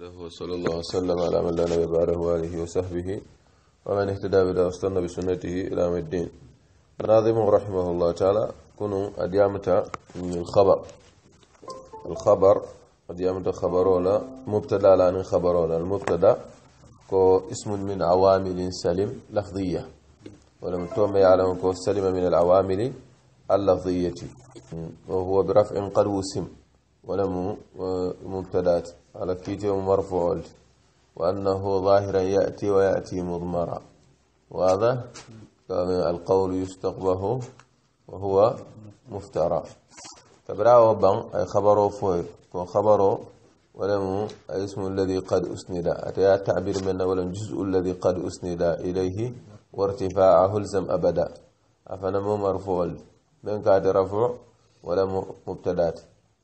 له وصلى الله وسلم على من لا نبي بعده وآله وصحبه ومن اهتدى بدا واستنى بسنته إلى يوم الدين ناظم رحمه الله تعالى كنوا اديامتا من الخبر الخبر اديامتا خبرولا مبتدا لا خبر ولا المبتدا كو اسم من عوامل سلم لفظية ولم توم يعلم كو سلم من العوامل اللفظية وهو برفع قد وسم ولم آه، مبتدات على كيتي ومرفوع وأنه ظاهرا يأتي ويأتي مضمرا وهذا القول يستقبه وهو مفترى تبرع وبن أي خبره فويل كون خبره ولم أي اسم الذي قد أسند أتيا تعبير من ولم جزء الذي قد أسند إليه وارتفاعه الزم أبدا أفنم مرفوع من كاد رفع ولم مبتدات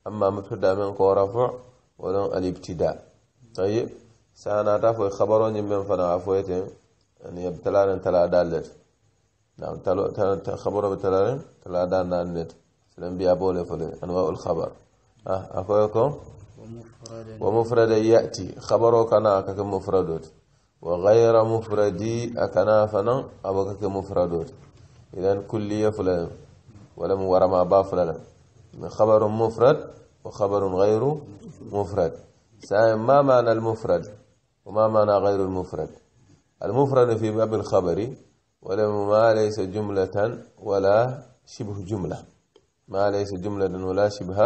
أما مبتدا من قوى رفع ولن الابتداء طيب سانا تافو خبروني من فنا عفويتين أن يعني يبتلارن تلا دالت نعم تلو تلا خبرو بتلارن تلا دال نانت سلم بيا بولي فلي أنواع الخبر أه أخويكم ومفرد يأتي خبرو كنا كك مفردوت وغير مفردي أكنا فنا ابو كك مفردوت كلية فلان ولم ورما با فلان خبر مفرد وخبر غير مفرد ما معنى المفرد وما معنى غير المفرد المفرد في باب الخبر ولما ليس جملة ولا شبه جملة ما ليس جملة ولا شبه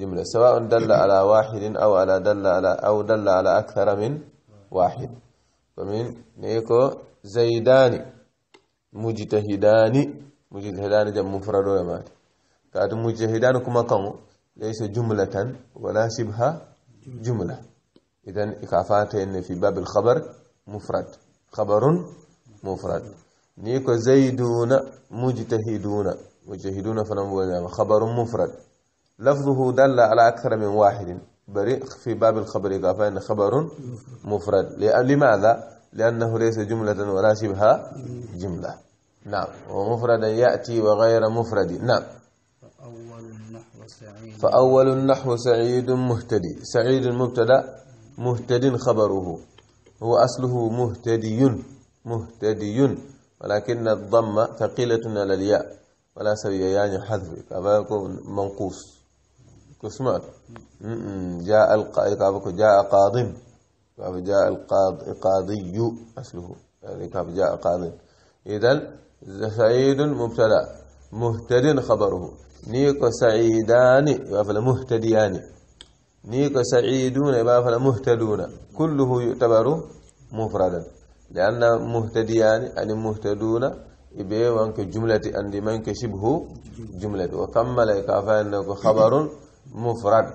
جملة سواء دل على واحد أو على دل على أو دل على أكثر من واحد فمن نيكو زيدان مجتهدان مجتهدان جم مفرد ولا مات كاتم مجتهدان كما كانوا ليس جملة ولا شبه جملة إذن إكافاته إن في باب الخبر مفرد خبر مفرد نيكو زيدون مجتهدون مجتهدون فنم خبر مفرد لفظه دل على أكثر من واحد بريء في باب الخبر إضافة إن خبر مفرد لماذا؟ لأنه ليس جملة ولا شبه جملة نعم ومفردا يأتي وغير مفرد نعم فأول النحو سعيد مهتدي سعيد مبتدأ مهتد خبره هو أصله مهتدي مهتدي ولكن الضمة ثقيلة على الياء ولا سوي يعني حذف كما يكون منقوص كسمات جاء القاضي جاء قاضم جاء القاضي أصله يعني جاء قاضي إذا سعيد مبتدأ مهتدين خبره نيك سعيدان يبقى مهتديان نيك سعيدون يبقى مهتدون كله يعتبر مفردا لأن مهتديان يعني مهتدون يبقى وانك جملة عندي منك شبه جملة وكمل يكافى أنه خبر مفرد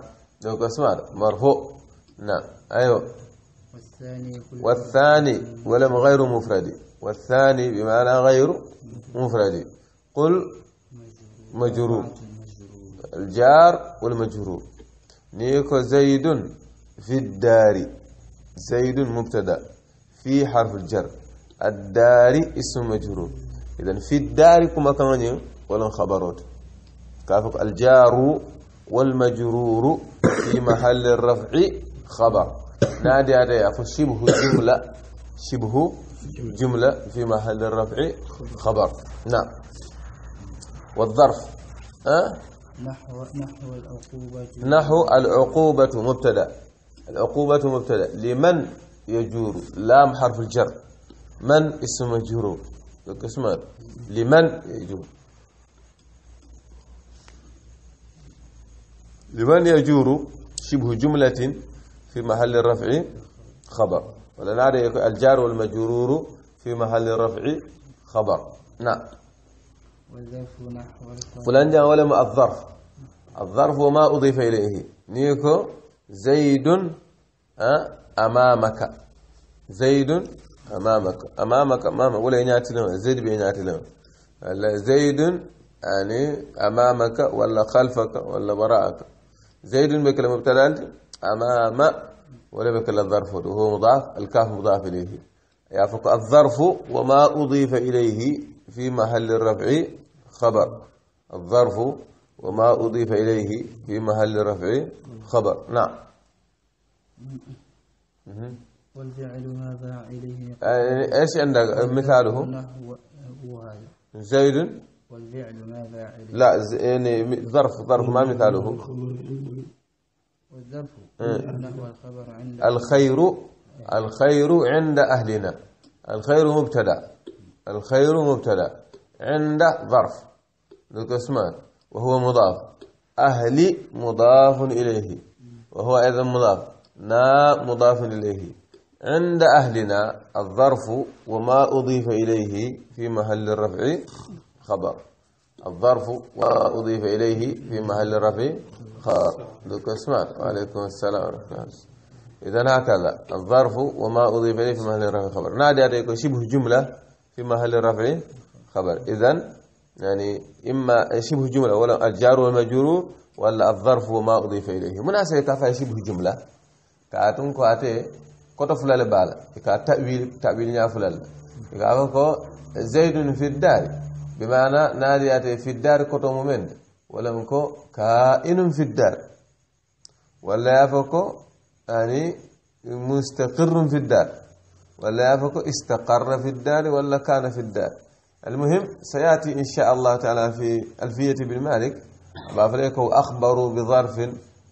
لو اسمع مرفوع نعم أيوه والثاني, والثاني ولم غير مفرد والثاني بمعنى غير مفرد قل مجرور الجار والمجرور نيكو زيد في الدار زيد مبتدا في حرف الجر الدار اسم مجرور اذا في الدار كما كان ولا خبرات كافك الجار والمجرور في محل الرفع خبر نادي هذا شبه جمله شبه جمله في محل الرفع خبر نعم والظرف أه؟ نحو نحو العقوبة نحو العقوبة مبتدا العقوبة مبتدا لمن يجور لام حرف الجر من اسم مجرور اسم لمن يجور لمن يجور شبه جملة في محل الرفع خبر ولا نعرف الجار والمجرور في محل الرفع خبر نعم فلان جاء ولا الظرف الظرف وما أضيف إليه نيكو زيد آه، أمامك زيد أمامك أمامك أمامك ولا يناتي لهم زيد بيناتي لهم زيد يعني أمامك ولا خلفك ولا وراءك زيد بكل مبتدا أمام ولا بكل الظرف وهو مضاف الكاف مضاف إليه يعفق الظرف وما أضيف إليه في محل الرفع خبر الظرف وما أضيف إليه في محل الرفع خبر نعم والفعل هذا إليه يعني إيش عندك مثاله زيد والفعل ماذا إليه لا يعني ظرف ظرف ما مثاله والظرف إيه. الخبر عند الخير الخير عند أهلنا الخير مبتدأ الخير مبتدا عند ظرف ذو وهو مضاف أهلي مضاف إليه وهو أيضا مضاف نا مضاف إليه عند أهلنا الظرف وما أضيف إليه في محل الرفع خبر الظرف وما أضيف إليه في محل الرفع خبر ذو قسمان وعليكم السلام ورحمة الله إذا هكذا الظرف وما أضيف إليه في محل الرفع خبر نادي عليكم شبه جملة في محل رفع خبر إذا يعني إما شبه جملة ولا الجار والمجرور ولا الظرف وما أضيف إليه مناسبة تفا شبه جملة كاتون كواتي كوتو فلال بالا إكا تأويل تأويل نيا فلال كاكو زيد في الدار بمعنى ناديات في الدار كوتو مومن ولا مكو كائن في الدار ولا يفكو يعني مستقر في الدار ولا يفك استقر في الدار ولا كان في الدار المهم سيأتي إن شاء الله تعالى في ألفية بن مالك بافريكو اخبر بظرف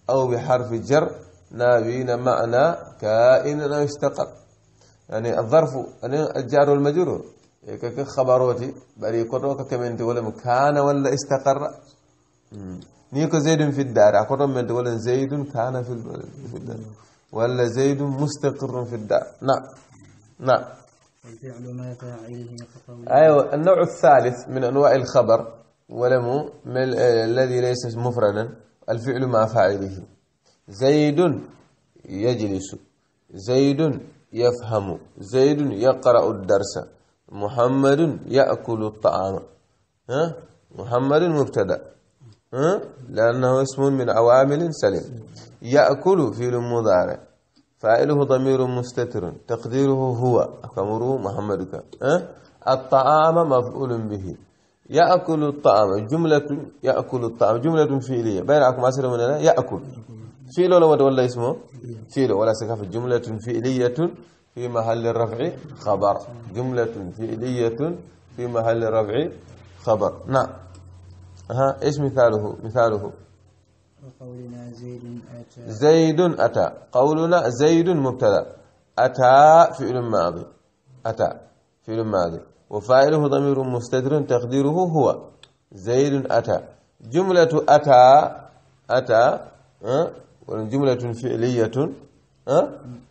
أو بحرف جر نابين معنى كائن أو استقر يعني الظرف يعني الجار والمجرور خبروتي بري كروك كمنت ولا كان ولا استقر نيكو زيد في الدار أقول من ولا زيد كان في الدار ولا زيد مستقر في الدار نعم نعم الفعل ما فاعله أيوة النوع الثالث من أنواع الخبر ولم آه، الذي ليس مفردا الفعل مع فاعله زيد يجلس زيد يفهم زيد يقرأ الدرس محمد يأكل الطعام ها محمد مبتدا لأنه اسم من عوامل سلم يأكل في مضارع فاعله ضمير مستتر تقديره هو كمره محمد أه؟ الطعام مفعول به يأكل الطعام جملة يأكل الطعام جملة فعلية بينكم عسر من هنا يأكل فعل ولا ود ولا اسمه فعل ولا سكاف جملة فعلية في محل الرفع خبر جملة فعلية في محل الرفع خبر نعم ها ايش مثاله مثاله وقولنا زيد أتى زيد أتى قولنا زيد مبتدا أتى فعل ماضي أتى فعل ماضي وفاعله ضمير مستتر تقديره هو زيد أتى جملة أتى أتى أه؟ جملة فعلية أه؟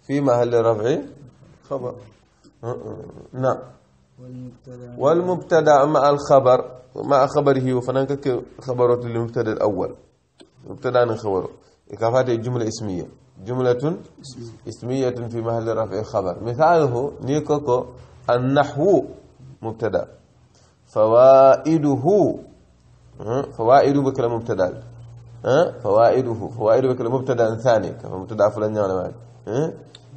في محل رفع خبر أه؟ نعم والمبتدا مع الخبر مع خبره وفنانك خبرة للمبتدا الأول مبتدا خبر إكافات جملة اسمية جملة اسمية في محل رفع خبر مثاله نيكوكو النحو مبتدا فوائده فوائد بكل مبتدا فوائده فوائد بكل مبتدا ثاني كما مبتدا فلان يعني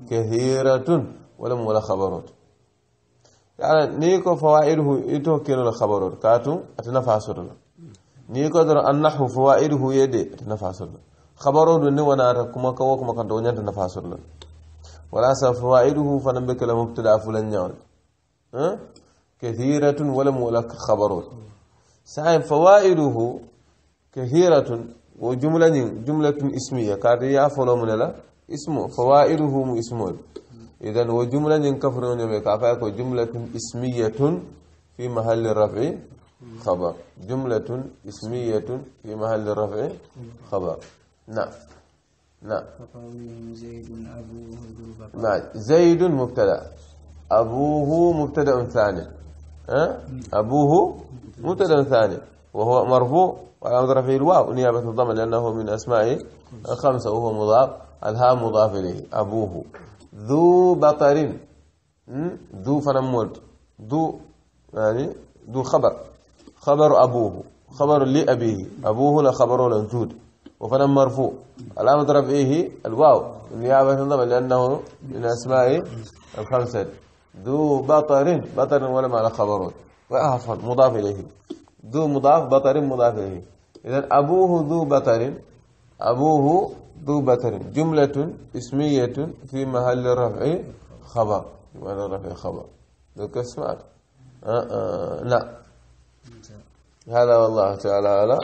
كثيرة ولا ولا خبرات يعني نيكو فوائده يتوكل الخبرات كاتو اتنفع سرنا ni kadar annahu fawaiduhu yede nafa solla khabaro do ne wana kuma kawo kuma kan do nyanta nafa solla wala sa fawaiduhu fa be kala mubtada fulan nyaal ha kathiratun wala mulak khabaro sai fawaiduhu kathiratun wa jumlatun jumlatun ismiya kadi ya mun la ismu fawaiduhu mu ismul idan wa jumlatun kafrun ne ka fa ko jumlatun ismiyatun fi mahalli raf'i خبر جملة اسمية في محل رفع خبر نعم نعم زيد نعم. أبوه زيد مبتدأ أبوه مبتدأ ثاني أه؟ أبوه مبتدأ ثاني وهو مرفوع وعلامة رفعه الواو نيابة الضمن لأنه من أسماء الخمسة وهو مضاف الها مضاف إليه أبوه ذو بطر ذو فنمود ذو يعني ذو خبر خبر أبوه خبر لأبيه أبوه لا خبر الوجود وفنا مرفوع علامة إيه؟ رفعه الواو النيابة الضمة لأنه من أسماء الخمسة ذو بطر بطر ولا معنى خبره عفوا مضاف إليه ذو مضاف بطر مضاف إليه إذا أبوه ذو بطر أبوه ذو بطر جملة اسمية في محل رفع خبر محل رفع خبر ذو كسمات أه أه لا هذا والله تعالى أعلى